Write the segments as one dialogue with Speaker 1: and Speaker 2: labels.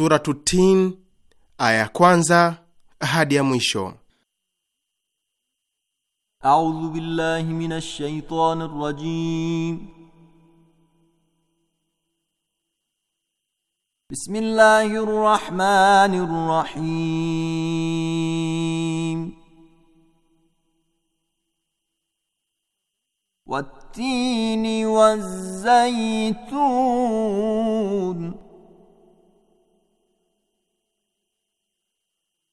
Speaker 1: Suratu Tin aya ya kwanza hadi ya mwisho.
Speaker 2: A'udhu billahi minash shaitanir rajim. Bismillahir rahmanir rahim. والتين والزيتون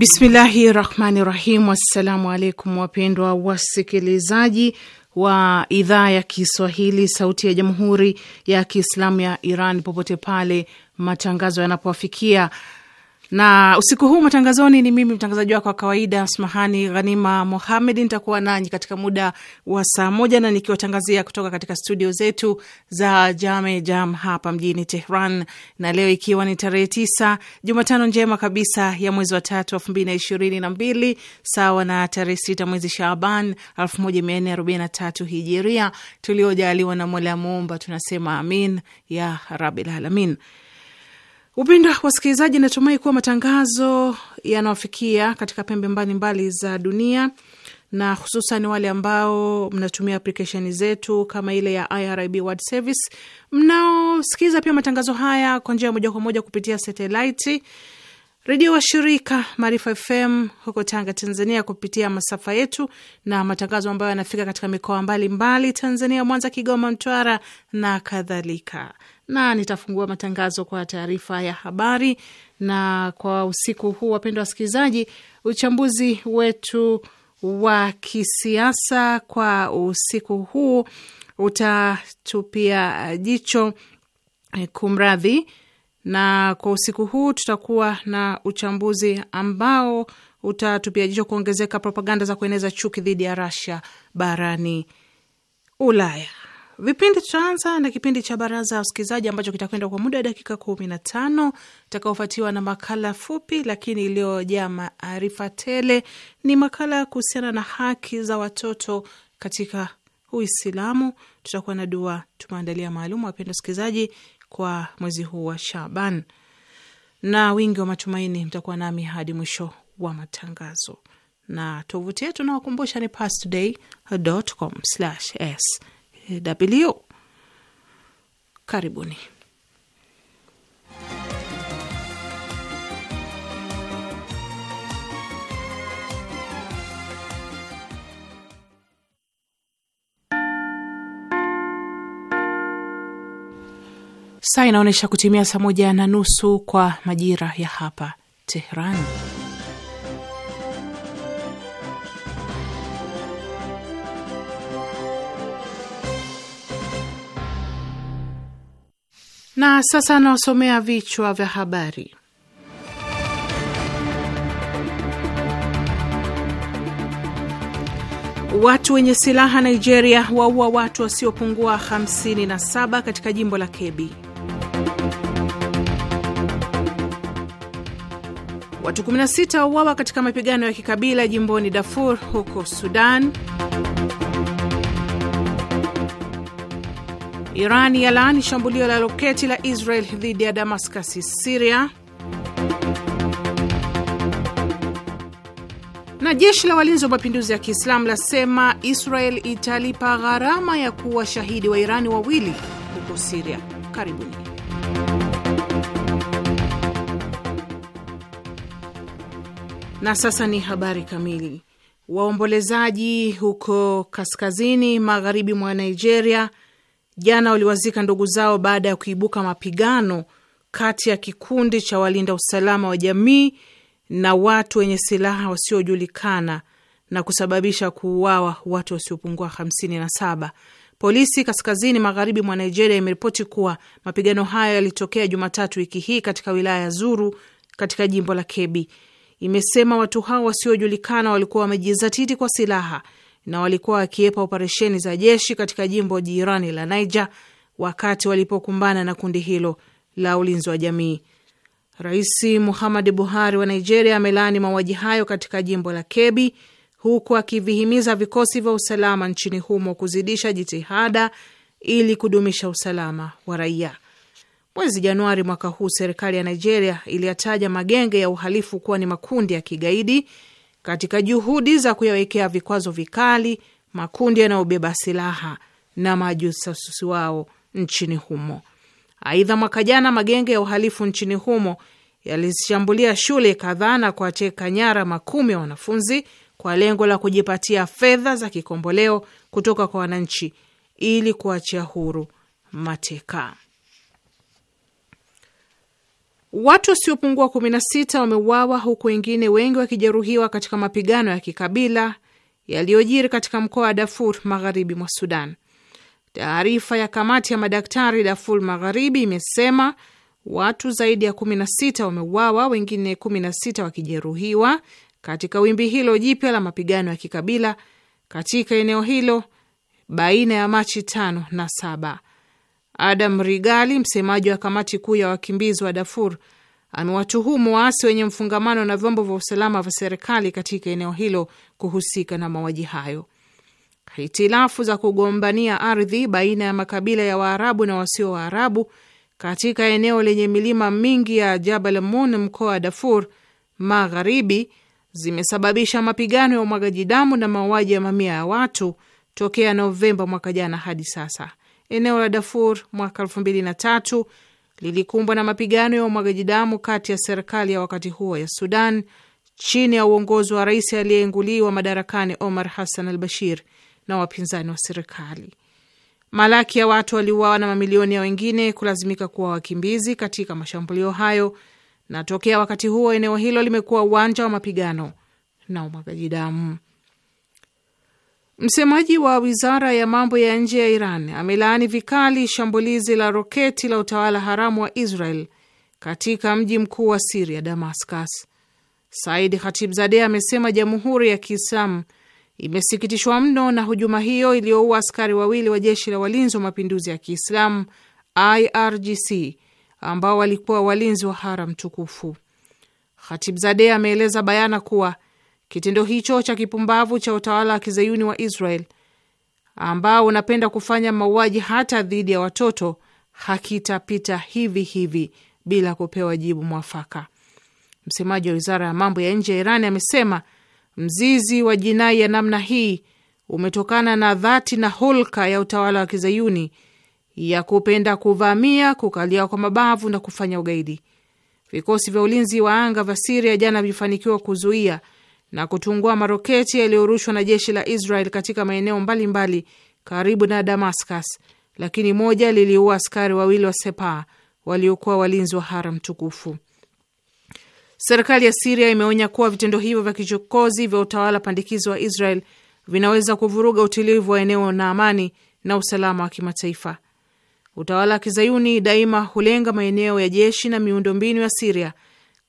Speaker 3: Bismillahi rahmani rahim. Assalamu alaikum wapendwa wasikilizaji wa idhaa ya Kiswahili sauti ya jamhuri ya Kiislamu ya Iran popote pale matangazo yanapowafikia na usiku huu matangazoni ni mimi mtangazaji wako wa kawaida Smahani Ghanima Mohamed. Nitakuwa nanyi katika muda wa saa moja na nikiwatangazia kutoka katika studio zetu za Jame Jam hapa mjini Tehran, na leo ikiwa ni tarehe tisa, Jumatano njema kabisa ya mwezi wa tatu elfu mbili na ishirini na mbili sawa na tarehe sita mwezi Shaaban elfu moja mia nne arobaini na tatu hijiria, tuliojaliwa na Mola Muumba, tunasema amin ya rabil alamin upinda wasikilizaji, natumai kuwa matangazo yanawafikia katika pembe mbalimbali mbali za dunia na hususan wale ambao mnatumia aplikesheni zetu kama ile ya IRIB World Service, pia matangazo haya kwa njia ya moja kwa moja kupitia satelaiti, redio wa shirika Maarifa FM huko Tanga, Tanzania, kupitia masafa yetu na matangazo ambayo yanafika katika mikoa mbalimbali Tanzania, Mwanza, Kigoma, Mtwara na kadhalika na nitafungua matangazo kwa taarifa ya habari. Na kwa usiku huu, wapendwa wasikilizaji, uchambuzi wetu wa kisiasa kwa usiku huu utatupia jicho eh, kumradhi. Na kwa usiku huu tutakuwa na uchambuzi ambao utatupia jicho kuongezeka propaganda za kueneza chuki dhidi ya Russia barani Ulaya. Vipindi tutaanza na kipindi cha baraza ya usikilizaji ambacho kitakwenda kwa muda wa dakika kumi na tano itakaofuatiwa na makala fupi lakini iliyojaa maarifa tele. Ni makala kuhusiana na haki za watoto katika Uislamu. Tutakuwa na dua tumeandalia maalum, wapenda usikilizaji, kwa mwezi huu wa Shaban na wingi wa matumaini. Mtakuwa nami hadi mwisho wa matangazo, na tovuti yetu nawakumbusha ni pastoday.com/s sw. Karibuni. Saa inaonyesha kutimia saa moja na nusu kwa majira ya hapa Tehran. Na sasa anawasomea vichwa vya habari. Watu wenye silaha Nigeria waua watu wasiopungua 57 katika jimbo la kebi Watu 16 wauawa katika mapigano ya kikabila jimboni Darfur huko Sudan. Iran yalaani shambulio la roketi la Israel dhidi ya Damascus, Siria. Na jeshi la walinzi wa mapinduzi ya Kiislamu lasema Israel italipa gharama ya kuwa shahidi wa Irani wawili huko Siria. Karibuni. Na sasa ni habari kamili. Waombolezaji huko kaskazini magharibi mwa Nigeria jana waliwazika ndugu zao baada ya kuibuka mapigano kati ya kikundi cha walinda usalama wa jamii na watu wenye silaha wasiojulikana na kusababisha kuuawa watu wasiopungua hamsini na saba. Polisi kaskazini magharibi mwa Nigeria imeripoti kuwa mapigano hayo yalitokea Jumatatu wiki hii katika wilaya ya Zuru katika jimbo la Kebi. Imesema watu hao wasiojulikana walikuwa wamejizatiti kwa silaha na walikuwa wakiepa operesheni za jeshi katika jimbo jirani la Niger wakati walipokumbana na kundi hilo la ulinzi wa jamii. Rais Muhammad Buhari wa Nigeria amelaani mauaji hayo katika jimbo la kebi huku akivihimiza vikosi vya usalama nchini humo kuzidisha jitihada ili kudumisha usalama wa raia. Mwezi Januari mwaka huu serikali ya Nigeria iliyataja magenge ya uhalifu kuwa ni makundi ya kigaidi katika juhudi za kuyawekea vikwazo vikali makundi yanayobeba silaha na majasusi wao nchini humo. Aidha, mwaka jana magenge ya uhalifu nchini humo yalishambulia shule kadhaa na kuwateka nyara makumi ya wanafunzi kwa lengo la kujipatia fedha za kikomboleo kutoka kwa wananchi ili kuachia huru mateka. Watu wasiopungua 16 wameuawa huku wengine wengi wakijeruhiwa katika mapigano ya kikabila yaliyojiri katika mkoa wa Darfur magharibi mwa Sudan. Taarifa ya kamati ya madaktari Darfur magharibi imesema watu zaidi ya 16 wameuawa, wengine 16 wakijeruhiwa katika wimbi hilo jipya la mapigano ya kikabila katika eneo hilo baina ya Machi tano na saba. Adam Rigali, msemaji wa kamati kuu ya wakimbizi wa Darfur, amewatuhumu waasi wenye mfungamano na vyombo vya usalama vya serikali katika eneo hilo kuhusika na mauaji hayo. Hitilafu za kugombania ardhi baina ya makabila ya Waarabu na wasio Waarabu katika eneo lenye milima mingi ya Jabal Mun mkoa wa Darfur Magharibi zimesababisha mapigano ya umwagaji damu na mauaji ya mamia ya watu tokea Novemba mwaka jana hadi sasa eneo la Darfur mwaka elfu mbili na tatu lilikumbwa na mapigano ya umwagaji damu kati ya serikali ya wakati huo ya Sudan chini ya uongozi wa rais aliyeinguliwa madarakani Omar Hassan al Bashir na wapinzani wa serikali. Malaki ya watu waliuawa na mamilioni ya wengine kulazimika kuwa wakimbizi katika mashambulio hayo, na tokea wakati huo eneo hilo limekuwa uwanja wa mapigano na umwagaji damu. Msemaji wa wizara ya mambo ya nje ya Iran amelaani vikali shambulizi la roketi la utawala haramu wa Israel katika mji mkuu wa Siria, Damascus. Said Khatibzadeh amesema Jamhuri ya Kiislamu imesikitishwa mno na hujuma hiyo iliyoua askari wawili wa jeshi la walinzi wa mapinduzi ya Kiislamu IRGC ambao walikuwa walinzi wa haram tukufu. Khatibzadeh ameeleza bayana kuwa Kitendo hicho cha kipumbavu cha utawala wa kizayuni wa Israel ambao unapenda kufanya mauaji hata dhidi ya watoto hakitapita hivi hivi bila kupewa jibu mwafaka. Msemaji wa wizara ya mambo ya nje ya iran amesema mzizi wa jinai ya namna hii umetokana na dhati na hulka ya utawala wa kizayuni ya kupenda kuvamia, kukalia kwa mabavu na kufanya ugaidi. Vikosi vya ulinzi wa anga vya Siria jana vilifanikiwa kuzuia na kutungua maroketi yaliyorushwa na jeshi la Israel katika maeneo mbalimbali karibu na Damascus, lakini moja liliua askari wawili wa Sepa waliokuwa walinzi wa haram tukufu. Serikali ya Siria imeonya kuwa vitendo hivyo vya kichokozi vya utawala pandikizo wa Israel vinaweza kuvuruga utulivu wa eneo na amani na usalama wa kimataifa. Utawala wa kizayuni daima hulenga maeneo ya jeshi na miundombinu ya Siria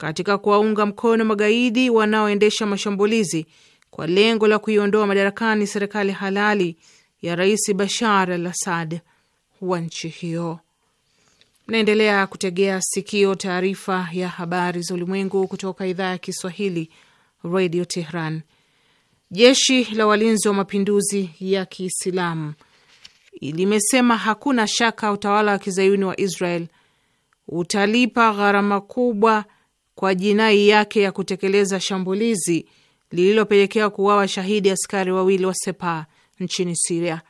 Speaker 3: katika kuwaunga mkono magaidi wanaoendesha mashambulizi kwa lengo la kuiondoa madarakani serikali halali ya Rais Bashar al Assad wa nchi hiyo. Mnaendelea kutegea sikio taarifa ya habari za ulimwengu kutoka idhaa ya Kiswahili, Radio Tehran. Jeshi la walinzi wa mapinduzi ya Kiislamu limesema hakuna shaka utawala wa kizayuni wa Israel utalipa gharama kubwa kwa jinai yake ya kutekeleza shambulizi lililopelekea kuuawa shahidi askari wawili wa Sepa nchini Siria.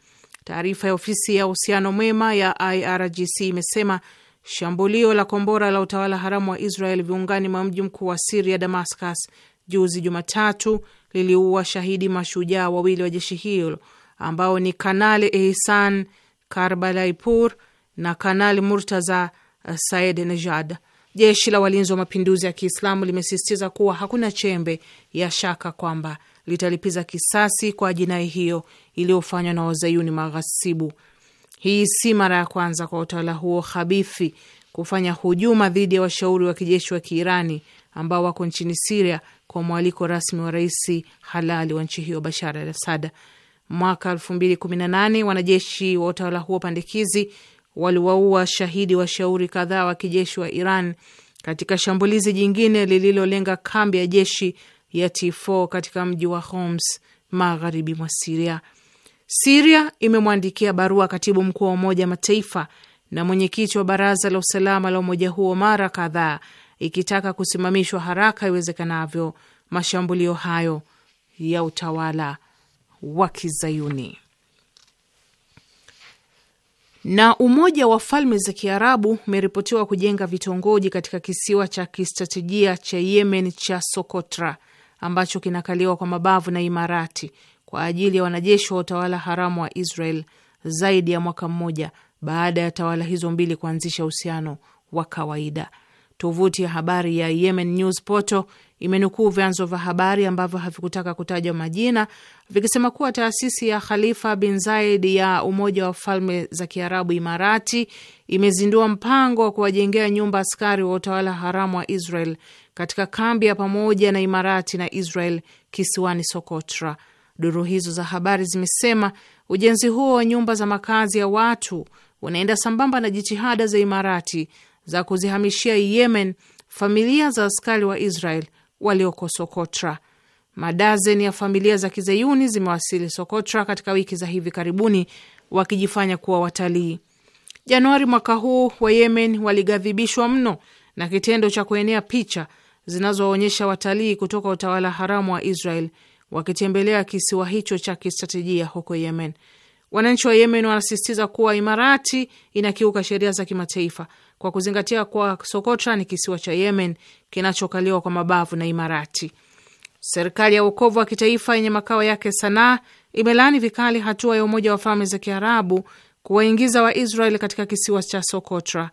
Speaker 3: Taarifa ya ofisi ya uhusiano mwema ya IRGC imesema shambulio la kombora la utawala haramu wa Israel viungani mwa mji mkuu wa Siria, Damascus, juzi Jumatatu liliua shahidi mashujaa wawili wa jeshi hilo ambao ni Kanali Ehsan Karbalaipur na Kanali Murtaza Said Nejad. Jeshi la walinzi wa mapinduzi ya Kiislamu limesisitiza kuwa hakuna chembe ya shaka kwamba litalipiza kisasi kwa jinai hiyo iliyofanywa na wazayuni maghasibu. Hii si mara ya kwanza kwa utawala huo habifi kufanya hujuma dhidi ya washauri wa kijeshi wa Kiirani ambao wako nchini Siria kwa mwaliko rasmi wa rais halali wa nchi hiyo Bashar al Mwaka 218 wanajeshi wa utawala huo pandikizi waliwaua shahidi washauri kadhaa wa kijeshi wa Iran katika shambulizi jingine lililolenga kambi ya jeshi ya T4 katika mji wa Homs magharibi mwa Siria. Siria imemwandikia barua katibu mkuu wa Umoja Mataifa na mwenyekiti wa Baraza la Usalama la umoja huo mara kadhaa ikitaka kusimamishwa haraka iwezekanavyo mashambulio hayo ya utawala wa Kizayuni. Na Umoja wa Falme za Kiarabu umeripotiwa kujenga vitongoji katika kisiwa cha kistratejia cha Yemen cha Sokotra ambacho kinakaliwa kwa mabavu na Imarati kwa ajili ya wanajeshi wa utawala haramu wa Israel zaidi ya mwaka mmoja baada ya tawala hizo mbili kuanzisha uhusiano wa kawaida. Tovuti ya habari ya Yemen News Portal imenukuu vyanzo vya habari ambavyo havikutaka kutajwa majina vikisema kuwa taasisi ya Khalifa bin Zaid ya Umoja wa Falme za Kiarabu Imarati imezindua mpango wa kuwajengea nyumba askari wa utawala haramu wa Israel katika kambi ya pamoja na Imarati na Israel kisiwani Sokotra. Duru hizo za habari zimesema ujenzi huo wa nyumba za makazi ya watu unaenda sambamba na jitihada za Imarati za kuzihamishia Yemen familia za askari wa Israel walioko Sokotra. Madazeni ya familia za kizeyuni zimewasili Sokotra katika wiki za hivi karibuni wakijifanya kuwa watalii. Januari mwaka huu wa Yemen mno na kitendo cha kuenea picha zinazoonyesha watalii kutoka utawala haramu wa Israel wakitembelea kisiwa hicho cha kistratejia huko Yemen. Wananchi wa Yemen wanasisitiza kuwa Imarati inakiuka sheria za kimataifa kwa kuzingatia kuwa Sokotra ni kisiwa cha Yemen kinachokaliwa kwa mabavu na Imarati. Serikali ya uokovu wa kitaifa yenye makao yake Sanaa imelaani vikali hatua ya Umoja wa Falme za Kiarabu kuwaingiza waisrael katika kisiwa cha Sokotra.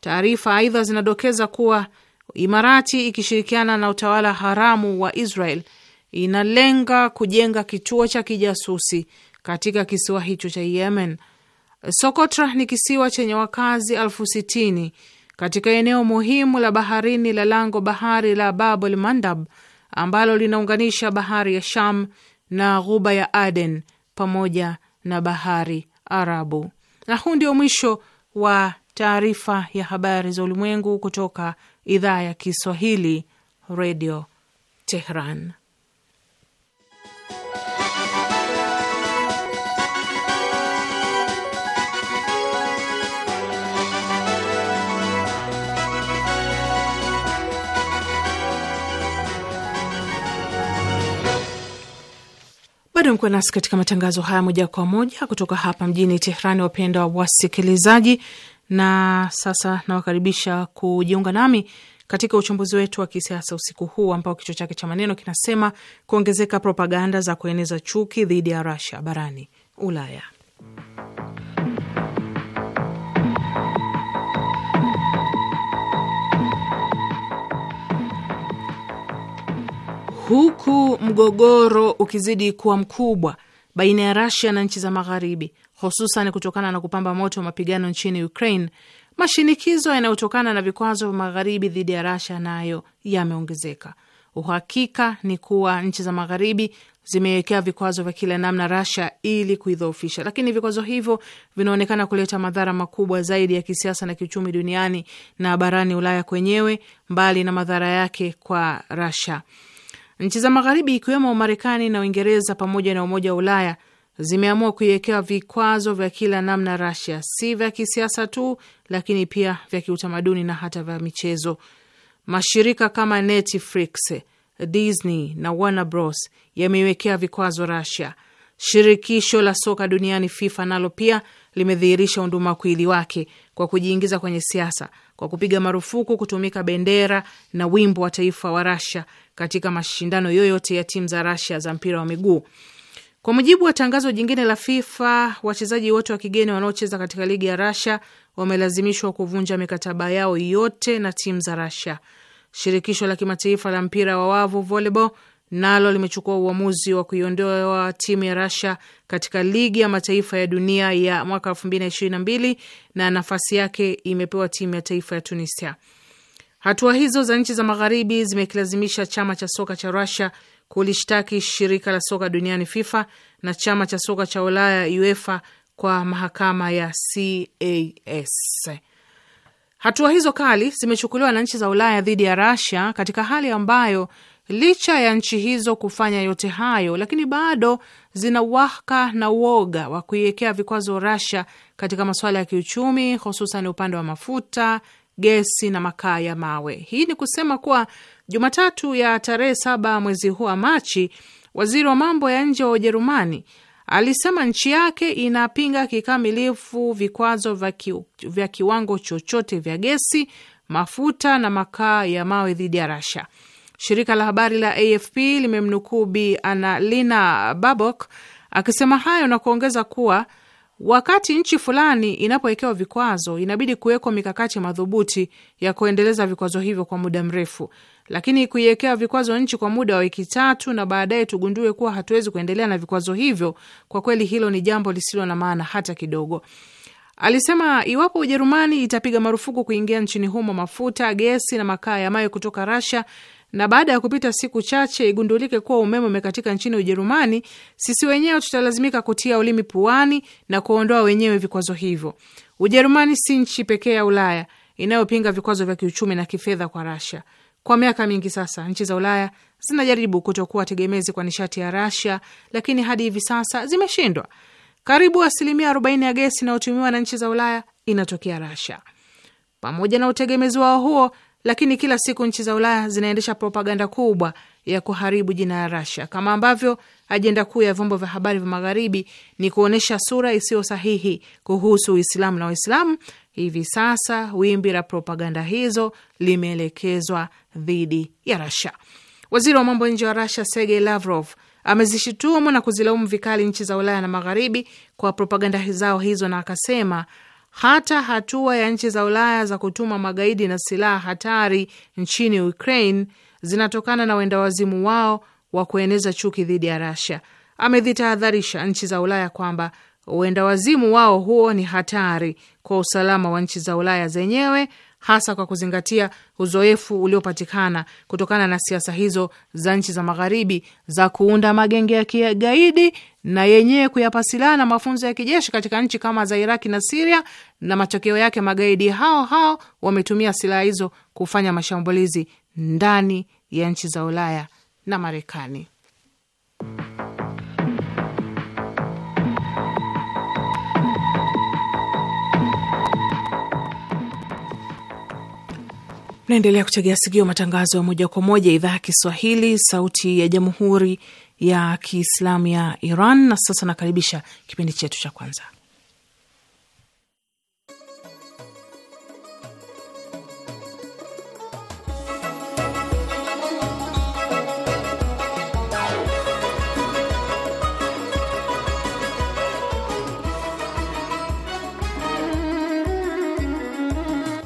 Speaker 3: Taarifa aidha zinadokeza kuwa Imarati ikishirikiana na utawala haramu wa Israel inalenga kujenga kituo cha kijasusi katika kisiwa hicho cha Yemen Sokotra ni kisiwa chenye wakazi elfu sitini katika eneo muhimu la baharini la lango bahari la Babul Mandab ambalo linaunganisha bahari ya Sham na ghuba ya Aden pamoja na bahari Arabu. Na huu ndio mwisho wa taarifa ya habari za ulimwengu kutoka idhaa ya Kiswahili, Redio Tehran. Bado mkuwa nasi katika matangazo haya moja kwa moja kutoka hapa mjini Tehrani, wapendwa wasikilizaji, na sasa nawakaribisha kujiunga nami katika uchambuzi wetu wa kisiasa usiku huu ambao kichwa chake cha maneno kinasema kuongezeka propaganda za kueneza chuki dhidi ya Russia barani Ulaya. huku mgogoro ukizidi kuwa mkubwa baina ya Rasia na nchi za Magharibi, hususan kutokana na kupamba moto mapigano nchini Ukraine, mashinikizo yanayotokana na vikwazo vya Magharibi dhidi ya Rasia nayo yameongezeka. Uhakika ni kuwa nchi za Magharibi zimewekea vikwazo vya kila namna Rasia ili kuidhoofisha, lakini vikwazo hivyo vinaonekana kuleta madhara makubwa zaidi ya kisiasa na kiuchumi duniani na barani Ulaya kwenyewe, mbali na madhara yake kwa Rasia. Nchi za Magharibi ikiwemo Marekani na Uingereza pamoja na Umoja wa Ulaya zimeamua kuiwekea vikwazo vya kila namna Rasia, si vya kisiasa tu, lakini pia vya kiutamaduni na hata vya michezo. Mashirika kama Netflix, Disney na Warner Bros yameiwekea vikwazo Rasia. Shirikisho la soka duniani FIFA nalo pia limedhihirisha undumakuili wake kwa kujiingiza kwenye siasa kwa kupiga marufuku kutumika bendera na wimbo wa taifa wa Rasia katika mashindano yoyote ya timu za Rasia za mpira wa miguu. Kwa mujibu wa tangazo jingine la FIFA, wachezaji wote wa kigeni wanaocheza katika ligi ya Rasia wamelazimishwa kuvunja mikataba yao yote na timu za Rasia. Shirikisho la kimataifa la mpira wa wavu volleyball nalo limechukua uamuzi wa kuiondoa timu ya Rasia katika ligi ya mataifa ya dunia ya mwaka 2022 na nafasi yake imepewa timu ya taifa ya Tunisia. Hatua hizo za nchi za magharibi zimekilazimisha chama cha soka cha Rusia kulishtaki shirika la soka duniani FIFA na chama cha soka cha Ulaya UEFA kwa mahakama ya CAS. Hatua hizo kali zimechukuliwa na nchi za Ulaya dhidi ya rasia katika hali ambayo licha ya nchi hizo kufanya yote hayo, lakini bado zina waka na uoga wa kuiwekea vikwazo rasia katika masuala ya kiuchumi, hususan upande wa mafuta, gesi na makaa ya mawe. Hii ni kusema kuwa Jumatatu ya tarehe saba mwezi huu wa Machi, waziri wa mambo ya nje wa Ujerumani alisema nchi yake inapinga kikamilifu vikwazo vya vya kiwango chochote vya gesi, mafuta na makaa ya mawe dhidi ya Rasha. Shirika la habari la AFP limemnukuu Bi Annalena Baerbock akisema hayo na kuongeza kuwa Wakati nchi fulani inapowekewa vikwazo, inabidi kuwekwa mikakati madhubuti ya kuendeleza vikwazo hivyo kwa muda mrefu. Lakini kuiwekea vikwazo nchi kwa muda wa wiki tatu na baadaye tugundue kuwa hatuwezi kuendelea na vikwazo hivyo, kwa kweli hilo ni jambo lisilo na maana hata kidogo. Alisema iwapo Ujerumani itapiga marufuku kuingia nchini humo mafuta, gesi na makaa ya mawe kutoka Russia na baada ya kupita siku chache igundulike kuwa umeme umekatika nchini Ujerumani, sisi wenyewe tutalazimika kutia ulimi puani na kuondoa wenyewe vikwazo hivyo. Ujerumani si nchi pekee ya Ulaya inayopinga vikwazo vya kiuchumi na kifedha kwa Rasia. Kwa miaka mingi sasa, nchi za Ulaya zinajaribu kutokuwa tegemezi kwa nishati ya Rasia, lakini hadi hivi sasa zimeshindwa. Karibu asilimia 40 ya gesi inayotumiwa na nchi za Ulaya inatokea Rasia. Pamoja na utegemezi wao huo lakini kila siku nchi za Ulaya zinaendesha propaganda kubwa ya kuharibu jina la rasia kama ambavyo ajenda kuu ya vyombo vya habari vya magharibi ni kuonyesha sura isiyo sahihi kuhusu Uislamu na Waislamu. Hivi sasa wimbi la propaganda hizo limeelekezwa dhidi ya rasia Waziri wa mambo nje wa rasia sergey Lavrov amezishitumu na kuzilaumu vikali nchi za Ulaya na magharibi kwa propaganda zao hizo, na akasema hata hatua ya nchi za Ulaya za kutuma magaidi na silaha hatari nchini Ukraine zinatokana na wendawazimu wao wa kueneza chuki dhidi ya rasia Amezitahadharisha nchi za Ulaya kwamba uendawazimu wao huo ni hatari kwa usalama wa nchi za Ulaya zenyewe hasa kwa kuzingatia uzoefu uliopatikana kutokana na siasa hizo za nchi za magharibi za kuunda magenge ya kigaidi na yenyewe kuyapa silaha na mafunzo ya kijeshi katika nchi kama za Iraki na Siria, na matokeo yake magaidi hao hao wametumia silaha hizo kufanya mashambulizi ndani ya nchi za Ulaya na Marekani. Naendelea kuchegea sikio matangazo ya moja kwa moja idhaa ya Kiswahili, sauti ya jamhuri ya kiislamu ya Iran. Na sasa nakaribisha kipindi chetu cha kwanza,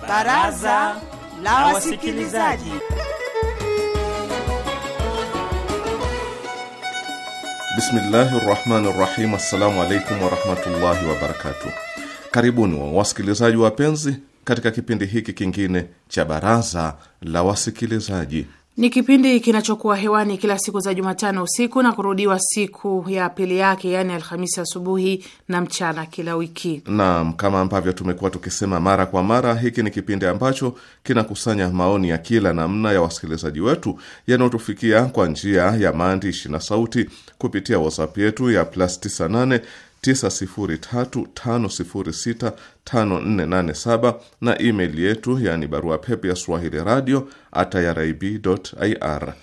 Speaker 3: baraza la wasikilizaji.
Speaker 4: Bismillahi rahmani rahim. Assalamu alaikum warahmatullahi wabarakatuh. Karibuni wa wasikilizaji wapenzi katika kipindi hiki kingine cha baraza la wasikilizaji
Speaker 3: ni kipindi kinachokuwa hewani kila siku za Jumatano usiku na kurudiwa siku ya pili yake, yaani Alhamisi asubuhi na mchana kila wiki.
Speaker 4: Naam, kama ambavyo tumekuwa tukisema mara kwa mara, hiki ni kipindi ambacho kinakusanya maoni ya kila namna ya wasikilizaji wetu yanayotufikia kwa njia ya maandishi na sauti kupitia WhatsApp yetu ya plus 98 903506547 na email yetu yaani barua pepe ya swahili radio at irib.ir.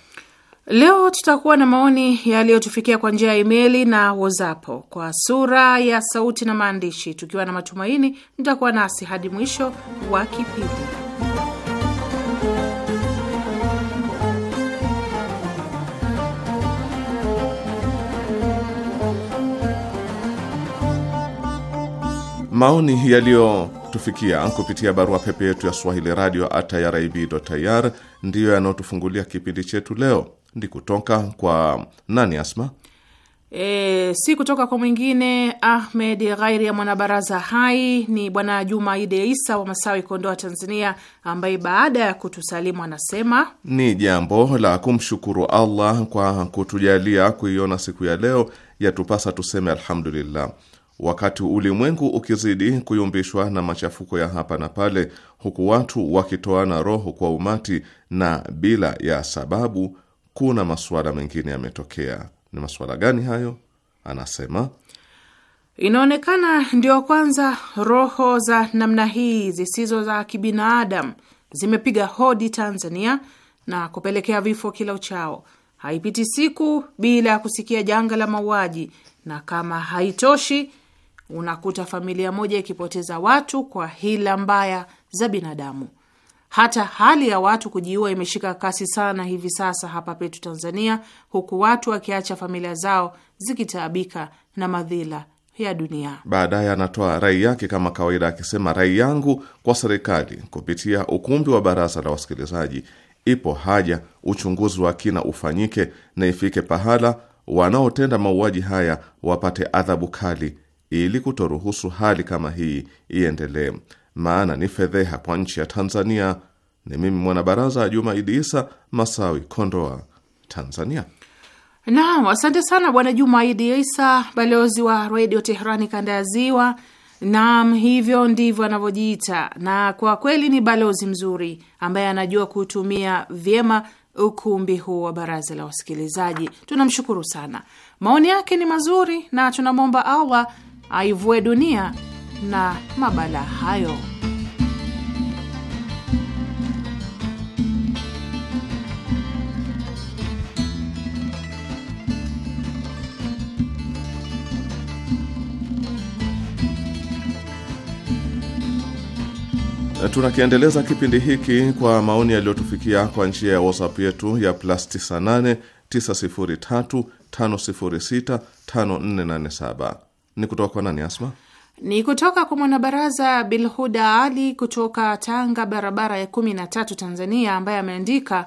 Speaker 3: Leo tutakuwa na maoni yaliyotufikia kwa njia ya imeli na wozapo kwa sura ya sauti na maandishi, tukiwa na matumaini mtakuwa nasi hadi mwisho wa kipindi.
Speaker 4: maoni yaliyotufikia kupitia barua pepe yetu ya swahili radio @irib.ir ndiyo yanayotufungulia kipindi chetu leo. Ndi kutoka kwa nani Asma?
Speaker 3: E, si kutoka kwa mwingine Ahmed Ghairi ya mwanabaraza hai ni bwana Juma Ide Isa wa Masawi, Kondoa, Tanzania, ambaye baada ya kutusalimu anasema
Speaker 4: ni jambo la kumshukuru Allah kwa kutujalia kuiona siku ya leo, yatupasa tuseme alhamdulillah. Wakati ulimwengu ukizidi kuyumbishwa na machafuko ya hapa na pale, huku watu wakitoana roho kwa umati na bila ya sababu, kuna masuala mengine yametokea. Ni masuala gani hayo? Anasema
Speaker 3: inaonekana ndio kwanza roho za namna hii zisizo za kibinadamu zimepiga hodi Tanzania na kupelekea vifo kila uchao. Haipiti siku bila ya kusikia janga la mauaji, na kama haitoshi unakuta familia moja ikipoteza watu kwa hila mbaya za binadamu. Hata hali ya watu kujiua imeshika kasi sana hivi sasa hapa petu Tanzania, huku watu wakiacha familia zao zikitaabika na madhila ya dunia.
Speaker 4: Baadaye anatoa rai yake kama kawaida, akisema rai yangu kwa serikali kupitia ukumbi wa baraza la wasikilizaji, ipo haja uchunguzi wa kina ufanyike na ifike pahala wanaotenda mauaji haya wapate adhabu kali ili kutoruhusu hali kama hii iendelee, maana ni fedheha kwa nchi ya Tanzania. Ni mimi mwanabaraza Juma Idi Isa Masawi, Kondoa, Tanzania.
Speaker 3: Naam, asante sana Bwana Juma Idi Isa, balozi wa Redio Teherani kanda ya Ziwa. Naam, hivyo ndivyo anavyojiita, na kwa kweli ni balozi mzuri ambaye anajua kutumia vyema ukumbi huu wa baraza la wasikilizaji. Tunamshukuru sana, maoni yake ni mazuri na tunamwomba Allah aivue dunia na mabala hayo.
Speaker 4: Tunakiendeleza kipindi hiki kwa maoni yaliyotufikia kwa njia ya WhatsApp yetu ya plus 98 903 506 5487 ni kutoka kwa nani Asma?
Speaker 3: Ni kutoka kwa mwanabaraza Bilhuda Ali kutoka Tanga, barabara ya kumi na tatu, Tanzania, ambaye ameandika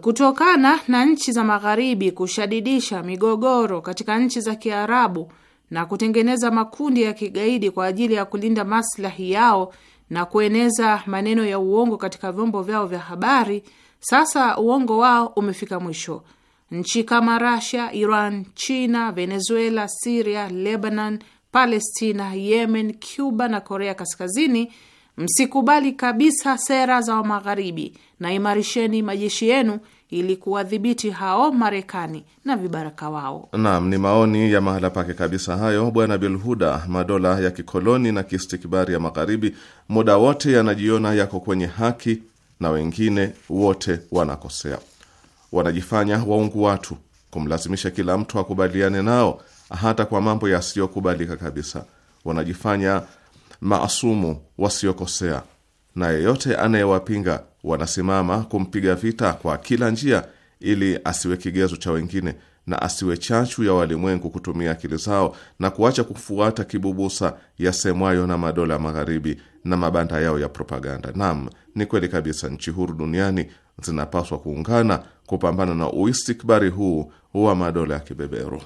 Speaker 3: kutokana na nchi za magharibi kushadidisha migogoro katika nchi za Kiarabu na kutengeneza makundi ya kigaidi kwa ajili ya kulinda maslahi yao na kueneza maneno ya uongo katika vyombo vyao vya habari, sasa uongo wao umefika mwisho. Nchi kama Rasia, Iran, China, Venezuela, Siria, Lebanon, Palestina, Yemen, Cuba na Korea Kaskazini, msikubali kabisa sera za magharibi na imarisheni majeshi yenu ili kuwadhibiti hao Marekani na vibaraka wao.
Speaker 4: Naam, ni maoni ya mahala pake kabisa hayo, Bwana Bilhuda. Madola ya kikoloni na kiistikibari ya Magharibi muda wote yanajiona yako kwenye haki na wengine wote wanakosea wanajifanya waungu watu, kumlazimisha kila mtu akubaliane nao hata kwa mambo yasiyokubalika kabisa. Wanajifanya maasumu wasiokosea, na yeyote anayewapinga wanasimama kumpiga vita kwa kila njia, ili asiwe kigezo cha wengine na asiwe chachu ya walimwengu kutumia akili zao na kuacha kufuata kibubusa yasemwayo na madola magharibi na mabanda yao ya propaganda. Naam, ni kweli kabisa, nchi huru duniani zinapaswa kuungana kupambana na uistikbari huu wa madola ya kibeberu.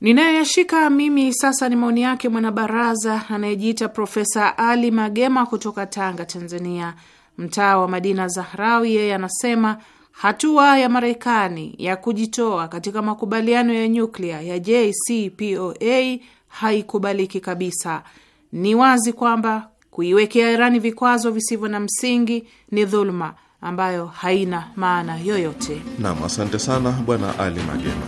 Speaker 3: Ninayeyashika mimi sasa ni maoni yake mwanabaraza anayejiita Profesa Ali Magema kutoka Tanga, Tanzania, mtaa wa Madina Zahrawi. Yeye anasema hatua ya Marekani ya kujitoa katika makubaliano ya nyuklia ya JCPOA haikubaliki kabisa. Ni wazi kwamba kuiwekea Irani vikwazo visivyo na msingi ni dhuluma ambayo haina maana yoyote.
Speaker 4: Nam, asante sana Bwana Ali Magema.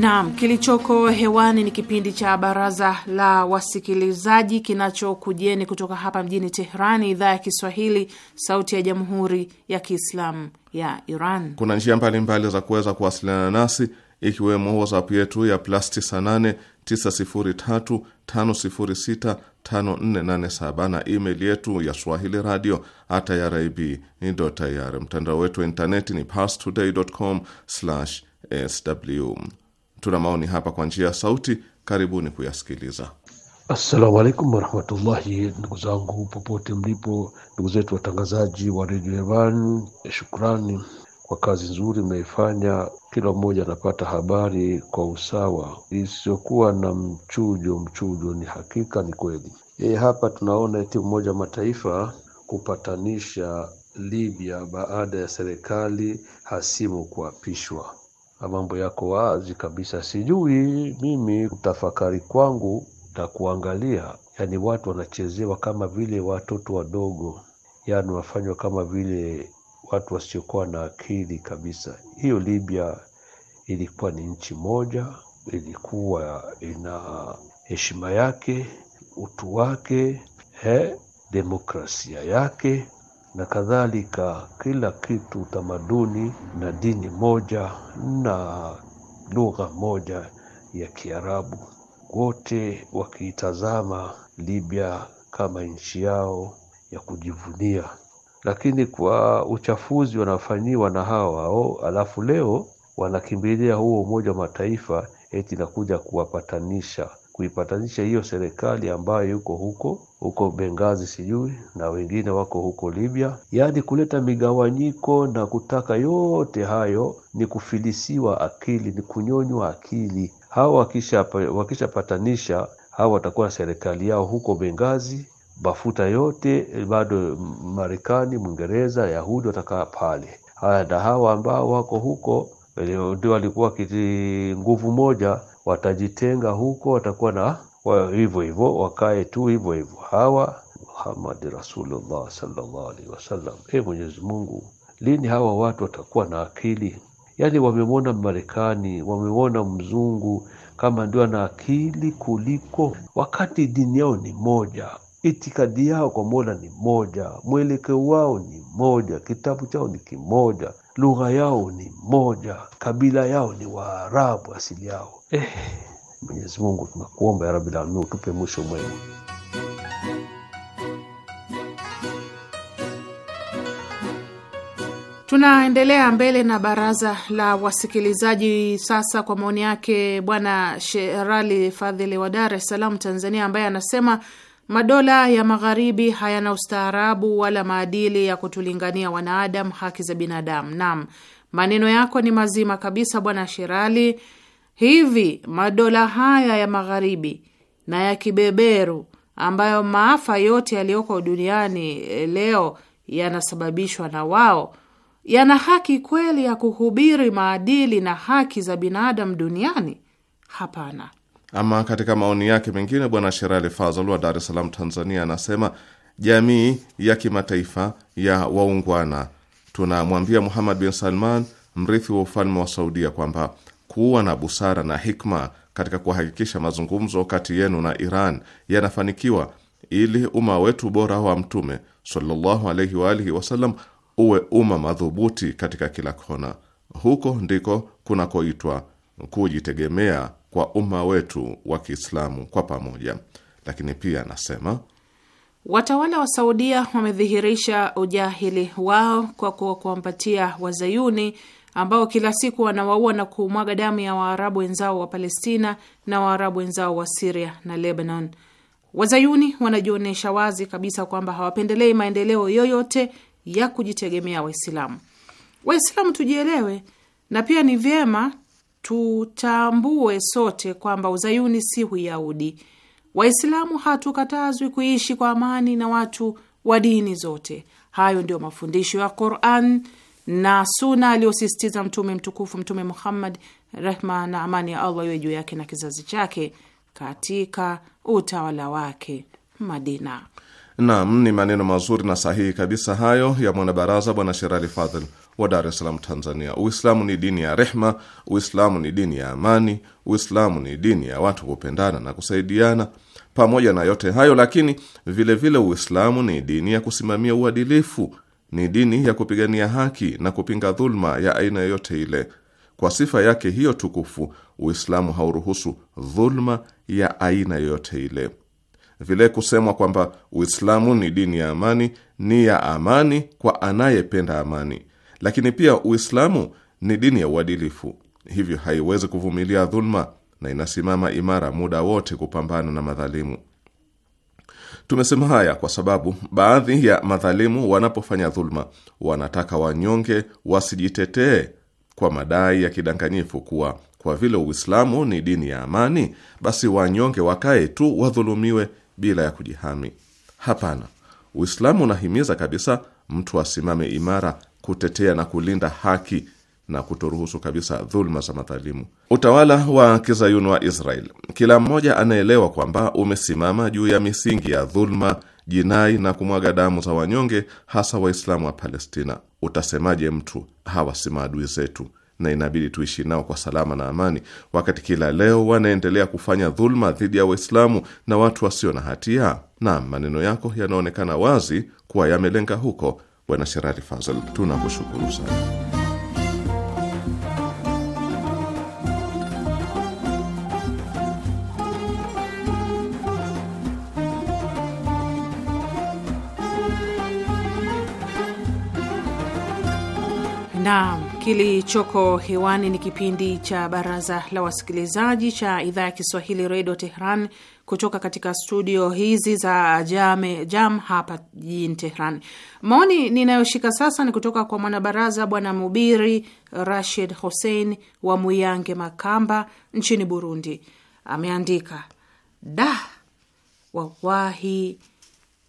Speaker 3: Naam, kilichoko hewani ni kipindi cha Baraza la Wasikilizaji kinachokujeni kutoka hapa mjini Tehrani, idhaa ya Kiswahili, Sauti ya Jamhuri ya Kiislamu ya Iran.
Speaker 4: Kuna njia mbalimbali za kuweza kuwasiliana nasi ikiwemo WhatsApp yetu ya plus 989035065487 na email yetu ya swahili radio at irib.ir. Mtandao wetu wa intaneti ni parstoday.com/sw Tuna maoni hapa kwa njia ya sauti, karibuni kuyasikiliza.
Speaker 5: Assalamu alaikum warahmatullahi, ndugu zangu popote mlipo, ndugu zetu watangazaji wa redio Iran, shukrani kwa kazi nzuri mnaifanya. Kila mmoja anapata habari kwa usawa isiyokuwa na mchujo mchujo, ni hakika, ni kweli. E, hapa tunaona eti Umoja wa Mataifa kupatanisha Libya baada ya serikali hasimu kuapishwa mambo yako wazi kabisa. Sijui mimi kutafakari kwangu na kuangalia, yani watu wanachezewa kama vile watoto wadogo, yani wafanywa kama vile watu wasiokuwa na akili kabisa. Hiyo Libya ilikuwa ni nchi moja, ilikuwa ina heshima yake, utu wake, eh, demokrasia yake na kadhalika, kila kitu, utamaduni na dini moja na lugha moja ya Kiarabu, wote wakiitazama Libya kama nchi yao ya kujivunia, lakini kwa uchafuzi wanafanyiwa na hawa wao alafu leo wanakimbilia huo Umoja wa Mataifa eti nakuja kuwapatanisha kuipatanisha hiyo serikali ambayo yuko huko huko Bengazi sijui na wengine wako huko Libya, yaani kuleta migawanyiko na kutaka yote hayo ni kufilisiwa akili, ni kunyonywa akili. Hawa wakishapatanisha hawa watakuwa na serikali yao huko Bengazi, mafuta yote eh, bado Marekani, Mwingereza, Yahudi watakaa pale. Haya, na hawa ambao wako huko eh, ndio walikuwa kiti nguvu moja watajitenga huko, watakuwa na hivyo hivyo, wakae tu hivyo hivyo hawa. Muhammad Rasulullah sallallahu alaihi wasallam. E Mwenyezi Mungu, lini hawa watu watakuwa na akili? Yaani wamemwona Marekani, wamemwona mzungu kama ndio ana akili kuliko, wakati dini yao ni moja, itikadi yao kwa Mola ni moja, mwelekeo wao ni moja, kitabu chao ni kimoja lugha yao ni moja, kabila yao ni Waarabu asili yao. Eh, Mwenyezi Mungu tunakuomba ya Rabbil Alamin utupe mwisho mwema.
Speaker 3: Tunaendelea mbele na baraza la wasikilizaji sasa, kwa maoni yake Bwana Sherali Fadhili wa Dar es Salaam, Tanzania, ambaye anasema Madola ya magharibi hayana ustaarabu wala maadili ya kutulingania wanadamu haki za binadamu. Naam, maneno yako ni mazima kabisa, Bwana Shirali. Hivi madola haya ya magharibi na ya kibeberu ambayo maafa yote yaliyoko duniani eh, leo yanasababishwa na wao, yana haki kweli ya kuhubiri maadili na haki za binadamu duniani? Hapana.
Speaker 4: Ama katika maoni yake mengine, bwana Sherali Fazl wa Dar es Salaam, Tanzania, anasema jamii ya kimataifa ya waungwana tunamwambia Muhammad bin Salman, mrithi wa ufalme wa Saudia, kwamba kuwa na busara na hikma katika kuhakikisha mazungumzo kati yenu na Iran yanafanikiwa ili umma wetu bora wa Mtume sallallahu alaihi wa alihi wasallam uwe umma madhubuti katika kila kona. Huko ndiko kunakoitwa kujitegemea kwa umma wetu wa Kiislamu kwa pamoja. Lakini pia anasema
Speaker 3: watawala wa Saudia wamedhihirisha ujahili wao kwa kuwakuambatia wazayuni ambao kila siku wanawaua na kumwaga damu ya Waarabu wenzao wa Palestina na Waarabu wenzao wa Siria na Lebanon. Wazayuni wanajionyesha wazi kabisa kwamba hawapendelei maendeleo yoyote ya kujitegemea Waislamu. Waislamu tujielewe, na pia ni vyema tutambue sote kwamba uzayuni si Uyahudi. Waislamu hatukatazwi kuishi kwa amani na watu wa dini zote. Hayo ndio mafundisho ya Quran na suna aliyosisitiza Mtume mtukufu Mtume Muhammad, rehma na amani ya Allah iwe juu yake na kizazi chake, katika utawala wake Madina.
Speaker 4: Naam, ni maneno mazuri na sahihi kabisa hayo ya mwanabaraza Bwana Sherali Fadhl wa Dar es Salaam, Tanzania. Uislamu ni dini ya rehma, Uislamu ni dini ya amani, Uislamu ni dini ya watu kupendana na kusaidiana. Pamoja na yote hayo lakini vilevile vile Uislamu ni dini ya kusimamia uadilifu, ni dini ya kupigania haki na kupinga dhulma ya aina yoyote ile. Kwa sifa yake hiyo tukufu, Uislamu hauruhusu dhulma ya aina yoyote ile. Vile kusemwa kwamba Uislamu ni dini ya amani ni ya amani kwa anayependa amani lakini pia Uislamu ni dini ya uadilifu, hivyo haiwezi kuvumilia dhuluma na inasimama imara muda wote kupambana na madhalimu. Tumesema haya kwa sababu baadhi ya madhalimu wanapofanya dhulma wanataka wanyonge wasijitetee kwa madai ya kidanganyifu kuwa kwa vile Uislamu ni dini ya amani, basi wanyonge wakae tu wadhulumiwe bila ya kujihami. Hapana, Uislamu unahimiza kabisa mtu asimame imara kutetea na kulinda haki na kutoruhusu kabisa dhuluma za madhalimu. Utawala wa kizayuni wa Israel, kila mmoja anaelewa kwamba umesimama juu ya misingi ya dhuluma, jinai na kumwaga damu za wanyonge, hasa Waislamu wa Palestina. Utasemaje mtu hawa si maadui zetu na inabidi tuishi nao kwa salama na amani, wakati kila leo wanaendelea kufanya dhuluma dhidi ya Waislamu na watu wasio na hatia? Naam, maneno yako yanaonekana wazi kuwa yamelenga huko Bwana Sherali Fazal, tunakushukuru sana.
Speaker 3: Naam, kilichoko hewani ni kipindi cha Baraza la Wasikilizaji cha idhaa ya Kiswahili Redio Tehran kutoka katika studio hizi za Jame Jam hapa jijini Tehran. Maoni ninayoshika sasa ni kutoka kwa mwanabaraza bwana mubiri Rashid Hussein wa Muyange, Makamba nchini Burundi. Ameandika da, wawahi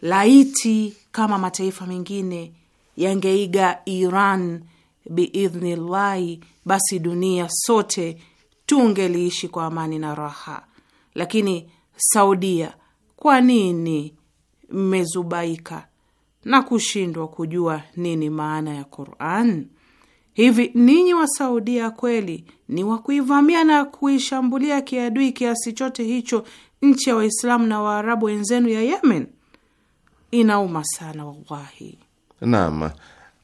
Speaker 3: laiti kama mataifa mengine yangeiga Iran biidhnillahi, basi dunia sote tungeliishi kwa amani na raha, lakini Saudia, kwa nini mmezubaika na kushindwa kujua nini maana ya Quran? Hivi ninyi wa Saudia kweli ni wa kuivamia na kuishambulia kiadui kiasi chote hicho nchi ya Waislamu na Waarabu wenzenu ya Yemen? Inauma sana wallahi.
Speaker 4: Naam,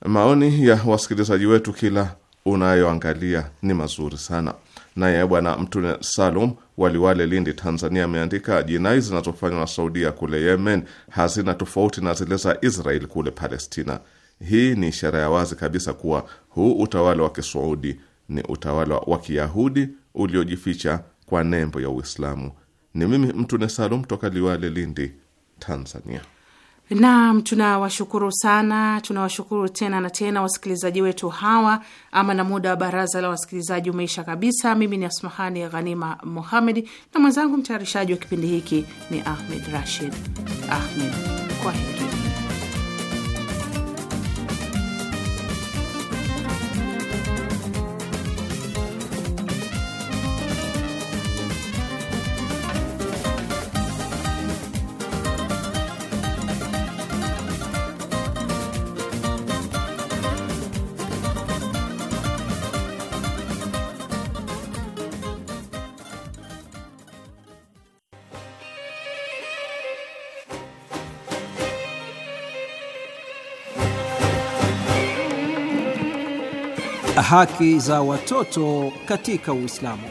Speaker 4: maoni ya wasikilizaji wetu kila unayoangalia ni mazuri sana. Naye bwana Mtune Salum Waliwale, Lindi, Tanzania, ameandika jinai zinazofanywa na Saudia kule Yemen hazina tofauti na zile za Israel kule Palestina. Hii ni ishara ya wazi kabisa kuwa huu utawala wa Kisuudi ni utawala wa Kiyahudi uliojificha kwa nembo ya Uislamu. Ni mimi Mtune Salum toka Liwale, Lindi, Tanzania.
Speaker 3: Naam, tunawashukuru sana, tunawashukuru tena na tena wasikilizaji wetu hawa. Ama na muda wa baraza la wasikilizaji umeisha kabisa. Mimi ni Asmahani Ghanima Muhamedi na mwenzangu mtayarishaji wa kipindi hiki ni Ahmed Rashid Ahmed. Kwa heri.
Speaker 5: Haki za watoto katika Uislamu.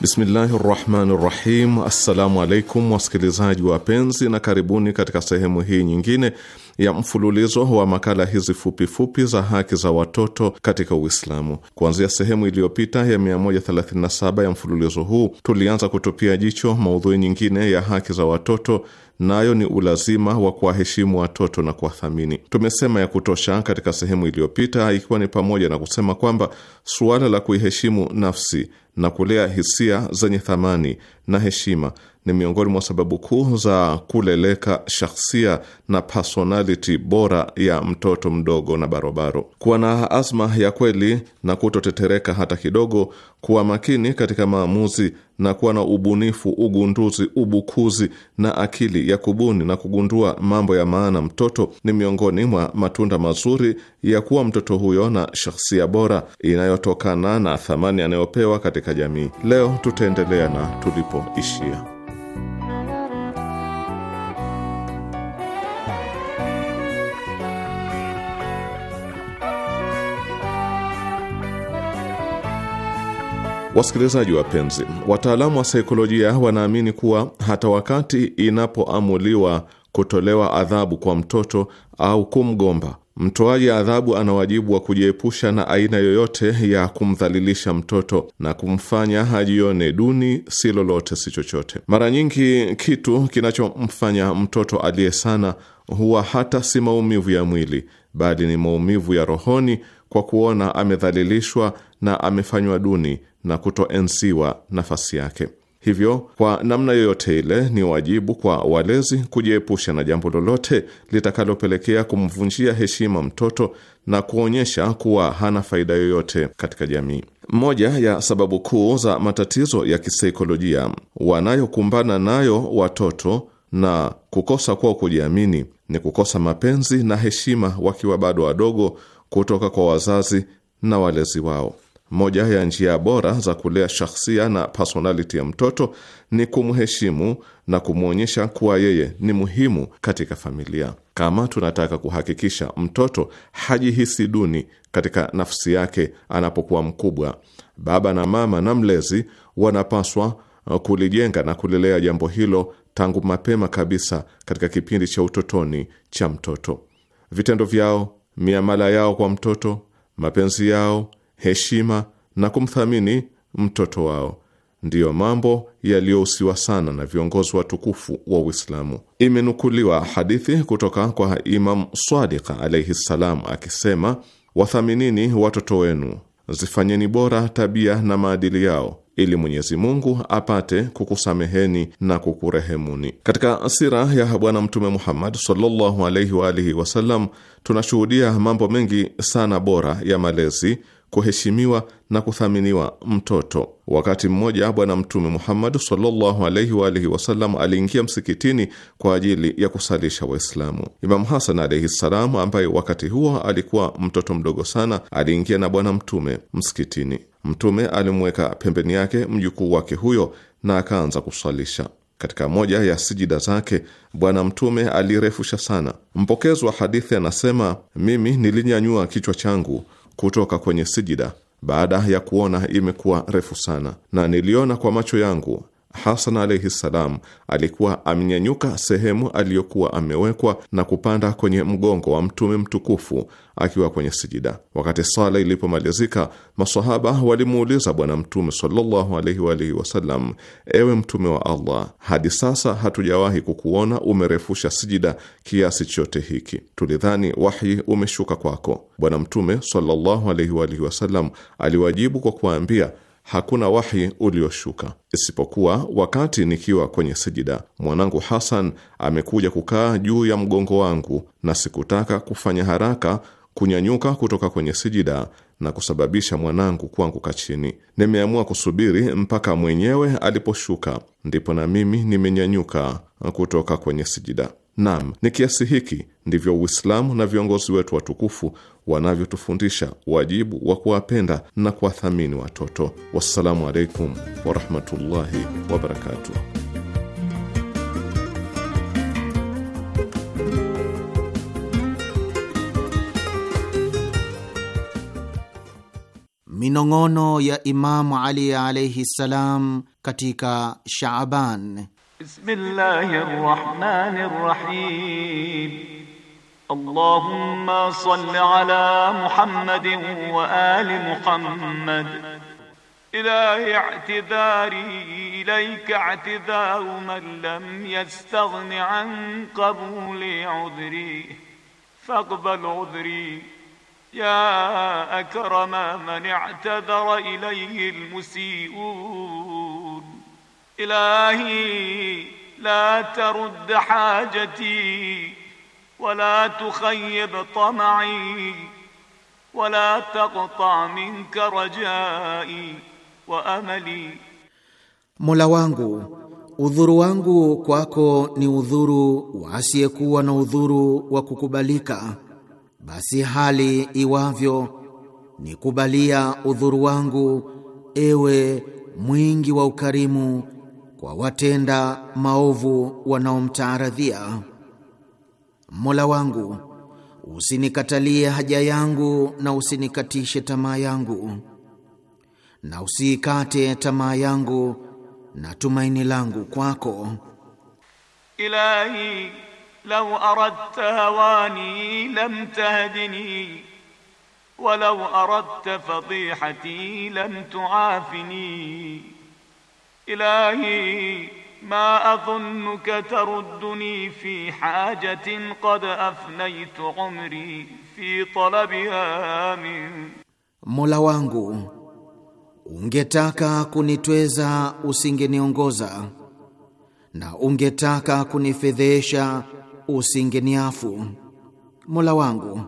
Speaker 4: Bismillahi rahmani rahim. Assalamu alaikum wasikilizaji wapenzi, na karibuni katika sehemu hii nyingine ya mfululizo wa makala hizi fupifupi fupi za haki za watoto katika Uislamu. Kuanzia sehemu iliyopita ya 137 ya mfululizo huu, tulianza kutupia jicho maudhui nyingine ya haki za watoto nayo ni ulazima wa kuwaheshimu watoto na kuwathamini. Tumesema ya kutosha katika sehemu iliyopita, ikiwa ni pamoja na kusema kwamba suala la kuiheshimu nafsi na kulea hisia zenye thamani na heshima ni miongoni mwa sababu kuu za kuleleka shakhsia na personality bora ya mtoto mdogo na barobaro. Kuwa na azma ya kweli na kutotetereka hata kidogo, kuwa makini katika maamuzi na kuwa na ubunifu, ugunduzi, ubukuzi na akili ya kubuni na kugundua mambo ya maana mtoto ni miongoni mwa matunda mazuri ya kuwa mtoto huyo na shakhsia bora inayotokana na thamani anayopewa katika jamii. Leo tutaendelea na tulipoishia. Wasikilizaji wapenzi, wataalamu wa saikolojia wanaamini kuwa hata wakati inapoamuliwa kutolewa adhabu kwa mtoto au kumgomba, mtoaji adhabu ana wajibu wa kujiepusha na aina yoyote ya kumdhalilisha mtoto na kumfanya ajione duni, si lolote si chochote. Mara nyingi kitu kinachomfanya mtoto aliye sana huwa hata si maumivu ya mwili, bali ni maumivu ya rohoni, kwa kuona amedhalilishwa na amefanywa duni na kutoenziwa nafasi yake. Hivyo kwa namna yoyote ile, ni wajibu kwa walezi kujiepusha na jambo lolote litakalopelekea kumvunjia heshima mtoto na kuonyesha kuwa hana faida yoyote katika jamii. Moja ya sababu kuu za matatizo ya kisaikolojia wanayokumbana nayo watoto na kukosa kwao kujiamini ni kukosa mapenzi na heshima wakiwa bado wadogo kutoka kwa wazazi na walezi wao. Moja ya njia bora za kulea shakhsia na personality ya mtoto ni kumheshimu na kumwonyesha kuwa yeye ni muhimu katika familia. Kama tunataka kuhakikisha mtoto hajihisi duni katika nafsi yake anapokuwa mkubwa, baba na mama na mlezi wanapaswa uh, kulijenga na kulilea jambo hilo tangu mapema kabisa katika kipindi cha utotoni cha mtoto. Vitendo vyao, miamala yao kwa mtoto, mapenzi yao heshima na kumthamini mtoto wao ndiyo mambo yaliyohusiwa sana na viongozi watukufu wa Uislamu. Imenukuliwa hadithi kutoka kwa Imam Swadika alaihi ssalam akisema, wathaminini watoto wenu, zifanyeni bora tabia na maadili yao ili Mwenyezi Mungu apate kukusameheni na kukurehemuni. Katika sira ya Bwana Mtume Muhammad sallallahu alaihi wa alihi wasallam tunashuhudia mambo mengi sana bora ya malezi kuheshimiwa na kuthaminiwa mtoto. Wakati mmoja, Bwana Mtume Muhammad sallallahu alaihi wa alihi wasallam aliingia msikitini kwa ajili ya kusalisha Waislamu. Imamu Hasan alaihi ssalam, ambaye wakati huo alikuwa mtoto mdogo sana, aliingia na Bwana Mtume msikitini. Mtume alimweka pembeni yake mjukuu wake huyo na akaanza kusalisha. Katika moja ya sijida zake Bwana Mtume alirefusha sana. Mpokezi wa hadithi anasema, mimi nilinyanyua kichwa changu kutoka kwenye sijida baada ya kuona imekuwa refu sana, na niliona kwa macho yangu Hasan alaihi ssalam alikuwa amenyanyuka sehemu aliyokuwa amewekwa na kupanda kwenye mgongo wa mtume mtukufu akiwa kwenye sijida. Wakati sala ilipomalizika, masahaba walimuuliza Bwana Mtume sallallahu alaihi wasallam, ewe Mtume wa Allah, hadi sasa hatujawahi kukuona umerefusha sijida kiasi chote hiki, tulidhani wahyi umeshuka kwako. Bwana Mtume sallallahu alaihi wasallam aliwajibu kwa kuwaambia hakuna wahi ulioshuka isipokuwa wakati nikiwa kwenye sijida, mwanangu Hasan amekuja kukaa juu ya mgongo wangu, na sikutaka kufanya haraka kunyanyuka kutoka kwenye sijida na kusababisha mwanangu kuanguka chini. Nimeamua kusubiri mpaka mwenyewe aliposhuka, ndipo na mimi nimenyanyuka kutoka kwenye sijida. Naam, ni kiasi hiki ndivyo Uislamu na viongozi wetu watukufu wanavyotufundisha wajibu wa kuwapenda na kuwathamini watoto. Wassalamu alaikum warahmatullahi wabarakatuh.
Speaker 6: Minong'ono ya Imamu Ali alaihi salam katika Shaaban.
Speaker 7: بسم الله الرحمن الرحيم اللهم صل على محمد وآل محمد إلهي اعتذاري إليك اعتذار من لم يستغن عن قبول عذري فاقبل عذري يا أكرم من اعتذر إليه المسيئون ilahi la tarud hajati wala tukhayyib tam'i wala taqta minka rajai wa amali,
Speaker 6: Mola wangu udhuru wangu kwako ni udhuru wa asiyekuwa na udhuru wa kukubalika, basi hali iwavyo nikubalia udhuru wangu, ewe mwingi wa ukarimu kwa watenda maovu wanaomtaaradhia. Mola wangu, usinikatalie haja yangu na usinikatishe tamaa yangu, na usiikate tamaa yangu na tumaini langu kwako.
Speaker 7: Ilahi lau aradta hawani lam tahdini walau aradta fadihati lam tuafini ilahi ma adhunnuka tarudduni fi hajatin qad afnaytu umri fi talabiha min,
Speaker 6: Mola wangu ungetaka kunitweza usingeniongoza, na ungetaka kunifedhesha usingeniafu. Mola wangu,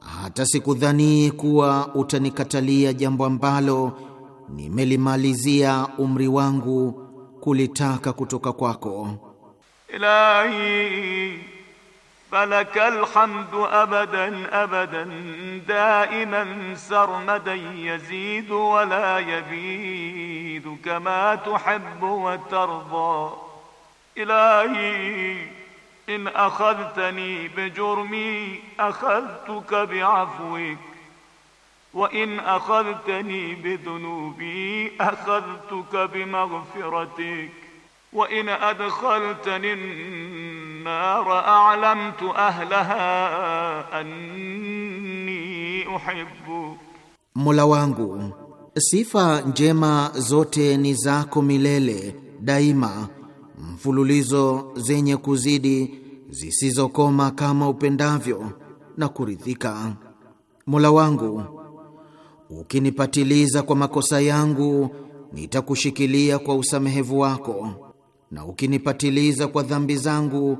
Speaker 6: hata sikudhani kuwa utanikatalia jambo ambalo nimelimalizia umri wangu kulitaka kutoka kwako.
Speaker 7: Ilahi balaka alhamdu abadan abadan daiman sarmadan yazidu wala yabidu kama tuhibbu wa tarda ilahi in akhadhtani bijurmi akhadhtuka biafwika wa in akhadhtani bidhunubi akhadhtuka bimaghfiratik wa in adkhaltani an-nara a'lamtu ahlaha anni uhibbu,
Speaker 6: Mola wangu sifa njema zote ni zako milele daima, mfululizo zenye kuzidi zisizokoma, kama upendavyo na kuridhika. Mola wangu ukinipatiliza kwa makosa yangu nitakushikilia kwa usamehevu wako, na ukinipatiliza kwa dhambi zangu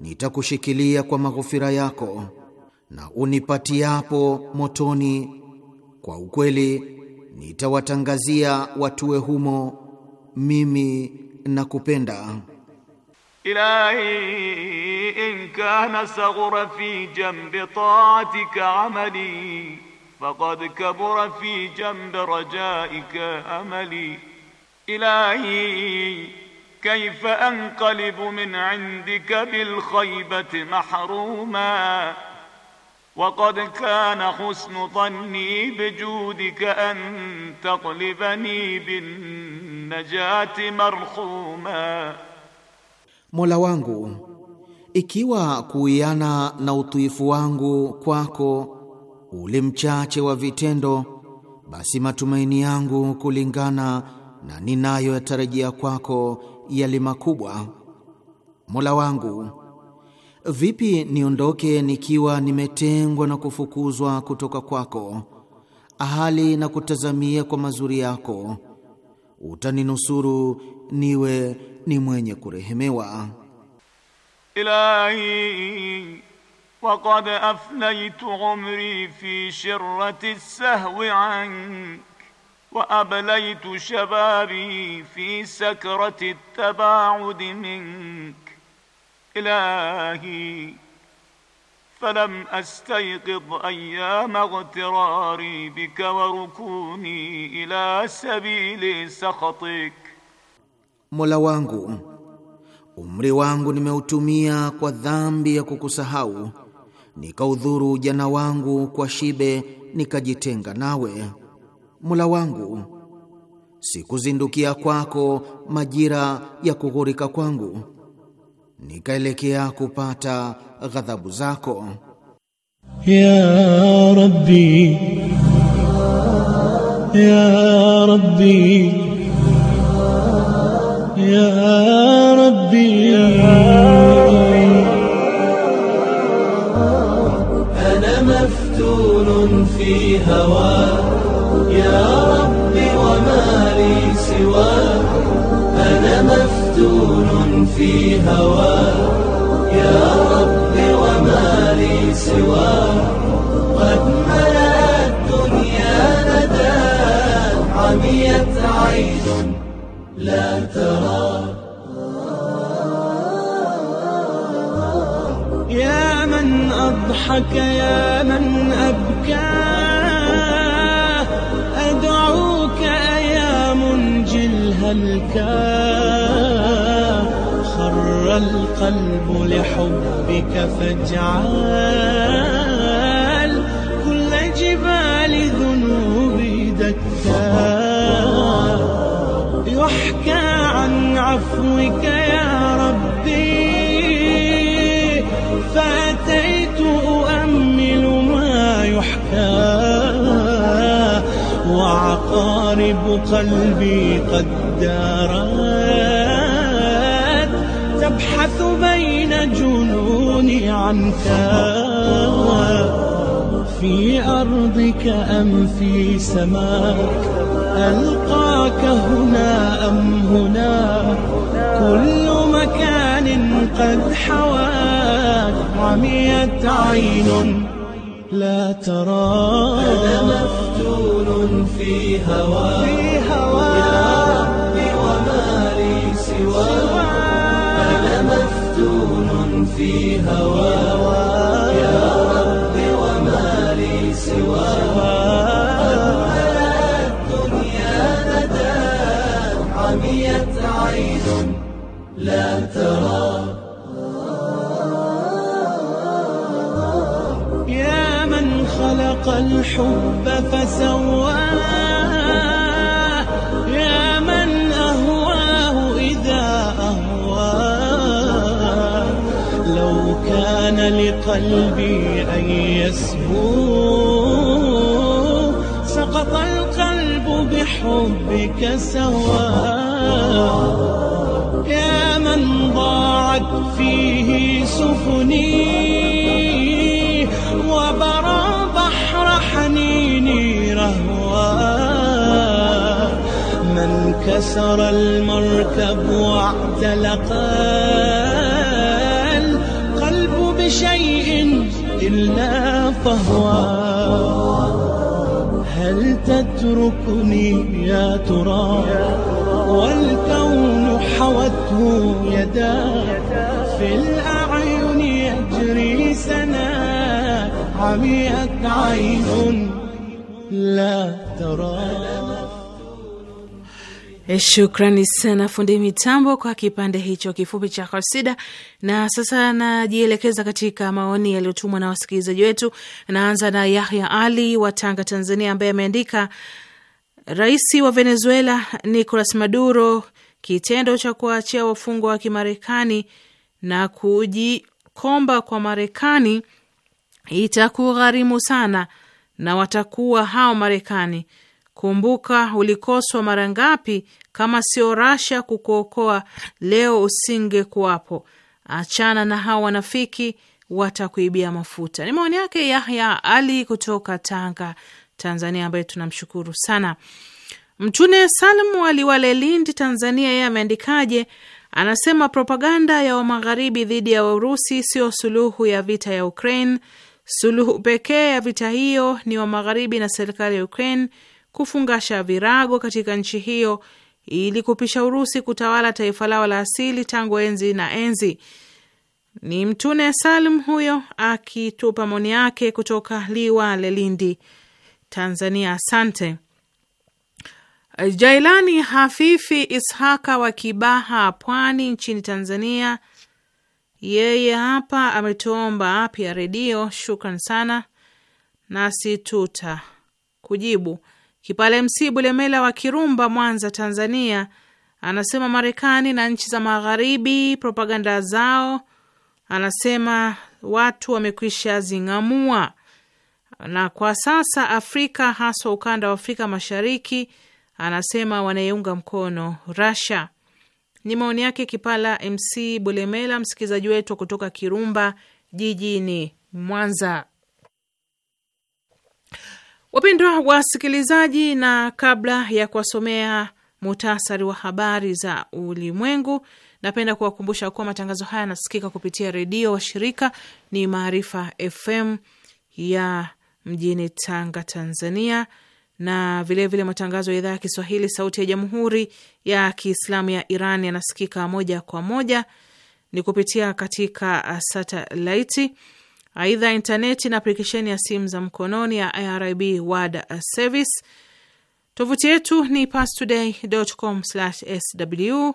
Speaker 6: nitakushikilia kwa maghufira yako, na unipatiapo motoni kwa ukweli nitawatangazia watue humo mimi nakupenda.
Speaker 7: Ilahi in kana saghura fi jambi taatika amali faqad kabura fi jambi rajaika amali ilahi kaifa anqalibu min indika bilkhaybati mahruma waqad kana husnu dhanni bijudika an taqlibani binnajati marhuma,
Speaker 6: Mola wangu, ikiwa kuiana na utuifu wangu kwako ule mchache wa vitendo, basi matumaini yangu kulingana na ninayoyatarajia kwako yali makubwa. Mola wangu, vipi niondoke nikiwa nimetengwa na kufukuzwa kutoka kwako, ahali na kutazamia kwa mazuri yako? Utaninusuru niwe ni mwenye kurehemewa.
Speaker 7: Ilahi faqad afnaytu umri fi shirrati sahwi ank wa ablaytu shababi fi sakrati tabaudi mink ilahi فلم أستيقظ أيام اغتراري بك وركوني إلى سبيل سخطك
Speaker 6: Mola wangu umri wangu nimeutumia kwa dhambi ya kukusahau nikaudhuru ujana wangu kwa shibe, nikajitenga nawe. Mola wangu, sikuzindukia kwako majira ya kughurika kwangu, nikaelekea kupata ghadhabu zako.
Speaker 8: Ya Rabbi, ya Rabbi, ya Rabbi. الهوى يا ربي وما لي سواك أنا مفتون في هواك يا ربي وما لي سواك قد ملأت الدنيا ندى عميت عين لا ترى يا من أضحك يا من أبكى هلكا خر القلب لحبك فاجعل كل جبال ذنوبي دكا يحكى عن عفوك يا ربي فأتيت أؤمل ما يحكى وعقارب قلبي قد الدارات تبحث بين جنون عنك في أرضك أم في سماك ألقاك هنا أم هناك كل مكان قد حواك عميت عين لا تراك أنا مفتون في هواك أنا مفتون في هوى يا رب وما لي سوى الدنيا ندى عميت عين لا ترى يا من خلق الحب فسواه لقلبي أن يسهو سقط القلب بحبك سوا يا من ضاعت فيه سفني وبرى بحر حنيني رهوى من كسر المركب واعتلقه إلا فهوى هل تتركني يا ترى والكون حوته يدا في الأعين يجري سنا عميت عين لا ترى
Speaker 3: Shukrani sana fundi mitambo kwa kipande hicho kifupi cha kasida. Na sasa najielekeza katika maoni yaliyotumwa na wasikilizaji wetu. Naanza na Yahya Ali wa Tanga, Tanzania, ambaye ameandika, rais wa Venezuela Nicolas Maduro, kitendo cha kuwaachia wafungwa wa Kimarekani na kujikomba kwa Marekani itakugharimu sana, na watakuwa hao Marekani Kumbuka ulikoswa mara ngapi, kama sio Rasha kukuokoa leo usingekuwapo. Achana na hawa wanafiki, watakuibia mafuta. Ni maoni yake Yahya Ali kutoka Tanga, Tanzania, ambaye tunamshukuru sana. Mtune Salmu Aliwale, Lindi, Tanzania, yeye ameandikaje? Anasema propaganda ya Wamagharibi dhidi ya Warusi sio suluhu ya vita ya Ukraine. Suluhu pekee ya vita hiyo ni Wamagharibi na serikali ya Ukraine kufungasha virago katika nchi hiyo ili kupisha Urusi kutawala taifa lao la asili tangu enzi na enzi. Ni Mtune Salim huyo akitupa maoni yake kutoka Liwale, Lindi, Tanzania. Asante. Jailani Hafifi Ishaka wa Kibaha, Pwani, nchini Tanzania, yeye hapa ametuomba apya redio. Shukran sana, nasi tuta kujibu Kipale MC Bulemela wa Kirumba, Mwanza, Tanzania, anasema Marekani na nchi za magharibi propaganda zao, anasema watu wamekwisha zing'amua, na kwa sasa Afrika haswa ukanda wa Afrika Mashariki, anasema wanaiunga mkono Russia. Ni maoni yake Kipala MC Bulemela, msikilizaji wetu kutoka Kirumba jijini Mwanza. Wapendwa wasikilizaji, na kabla ya kuwasomea muhtasari wa habari za ulimwengu, napenda kuwakumbusha kuwa matangazo haya yanasikika kupitia redio wa shirika ni Maarifa FM ya mjini Tanga, Tanzania, na vilevile vile matangazo ya idhaa ya Kiswahili sauti ya jamhuri ya Kiislamu ya Iran yanasikika moja kwa moja ni kupitia katika satelaiti Aidha, intaneti na aplikesheni ya simu za mkononi ya IRIB World Service. Tovuti yetu ni pastoday.com/sw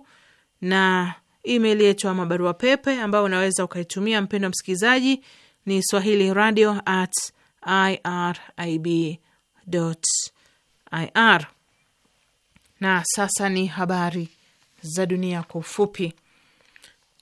Speaker 3: na email yetu ama barua pepe ambayo unaweza ukaitumia mpendo msikilizaji ni swahili radio at irib.ir. Na sasa ni habari za dunia kwa ufupi.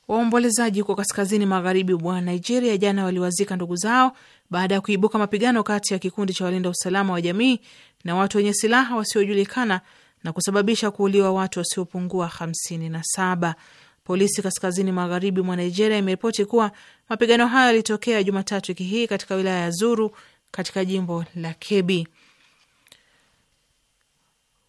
Speaker 3: Waombolezaji huko kaskazini magharibi mwa Nigeria jana waliwazika ndugu zao baada ya kuibuka mapigano kati ya kikundi cha walinda usalama wa jamii na watu wenye silaha wasiojulikana na kusababisha kuuliwa watu wasiopungua hamsini na saba. Polisi kaskazini magharibi mwa Nigeria imeripoti kuwa mapigano hayo yalitokea Jumatatu wiki hii katika wilaya ya Zuru katika jimbo la Kebi.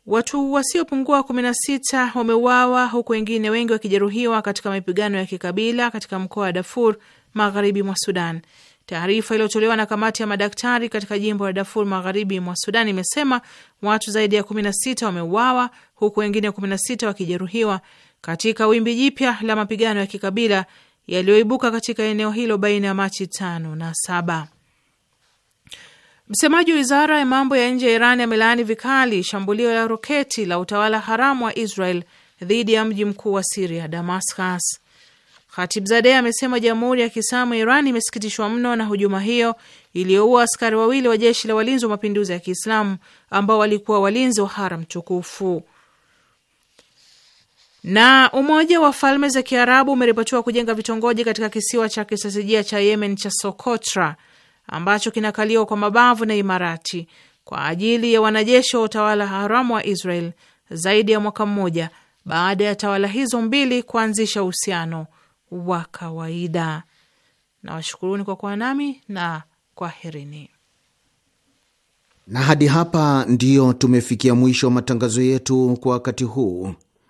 Speaker 3: Watu wasiopungua 16 wameuawa huku wengine wengi wakijeruhiwa katika mapigano ya kikabila katika mkoa wa Darfur magharibi mwa Sudan. Taarifa iliyotolewa na kamati ya madaktari katika jimbo la Darfur magharibi mwa Sudan imesema watu zaidi ya 16 wameuawa huku wengine 16 wakijeruhiwa katika wimbi jipya la mapigano ya kikabila yaliyoibuka katika eneo hilo baina ya Machi tano na saba. Msemaji wa wizara ya mambo ya nje ya Iran amelaani vikali shambulio la roketi la utawala haramu wa Israel dhidi ya mji mkuu wa Siria, Damascus. Khatibzadeh amesema jamhuri ya Kiislamu ya Iran imesikitishwa mno na hujuma hiyo iliyoua askari wawili wa jeshi la walinzi wa mapinduzi ya Kiislamu ambao walikuwa walinzi wa haram tukufu. Na Umoja wa Falme za Kiarabu umeripotiwa kujenga vitongoji katika kisiwa cha kistratejia cha Yemen cha Sokotra ambacho kinakaliwa kwa mabavu na Imarati kwa ajili ya wanajeshi wa utawala haramu wa Israel zaidi ya mwaka mmoja baada ya tawala hizo mbili kuanzisha uhusiano wa kawaida. Nawashukuruni kwa kuwa nami na kwaherini.
Speaker 6: Na hadi hapa ndiyo tumefikia mwisho wa matangazo yetu kwa wakati huu.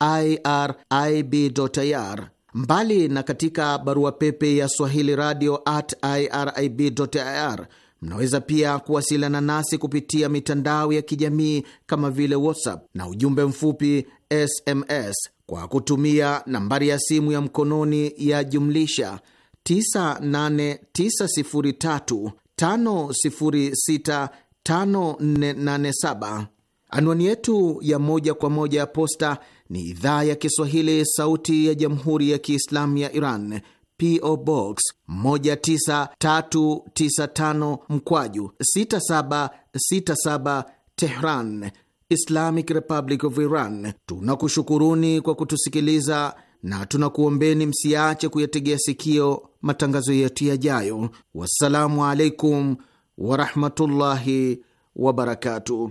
Speaker 6: irib.ir, mbali na katika barua pepe ya swahili radio at irib.ir. Mnaweza pia kuwasiliana nasi kupitia mitandao ya kijamii kama vile WhatsApp na ujumbe mfupi SMS kwa kutumia nambari ya simu ya mkononi ya jumlisha 989035065487. Anwani yetu ya moja kwa moja ya posta ni idhaa ya Kiswahili, sauti ya jamhuri ya kiislamu ya Iran, PO Box 19395 mkwaju 6767 Tehran, Islamic Republic of Iran. Tunakushukuruni kwa kutusikiliza na tunakuombeni msiache kuyategea sikio matangazo yetu yajayo. Wassalamu alaikum warahmatullahi wabarakatuh.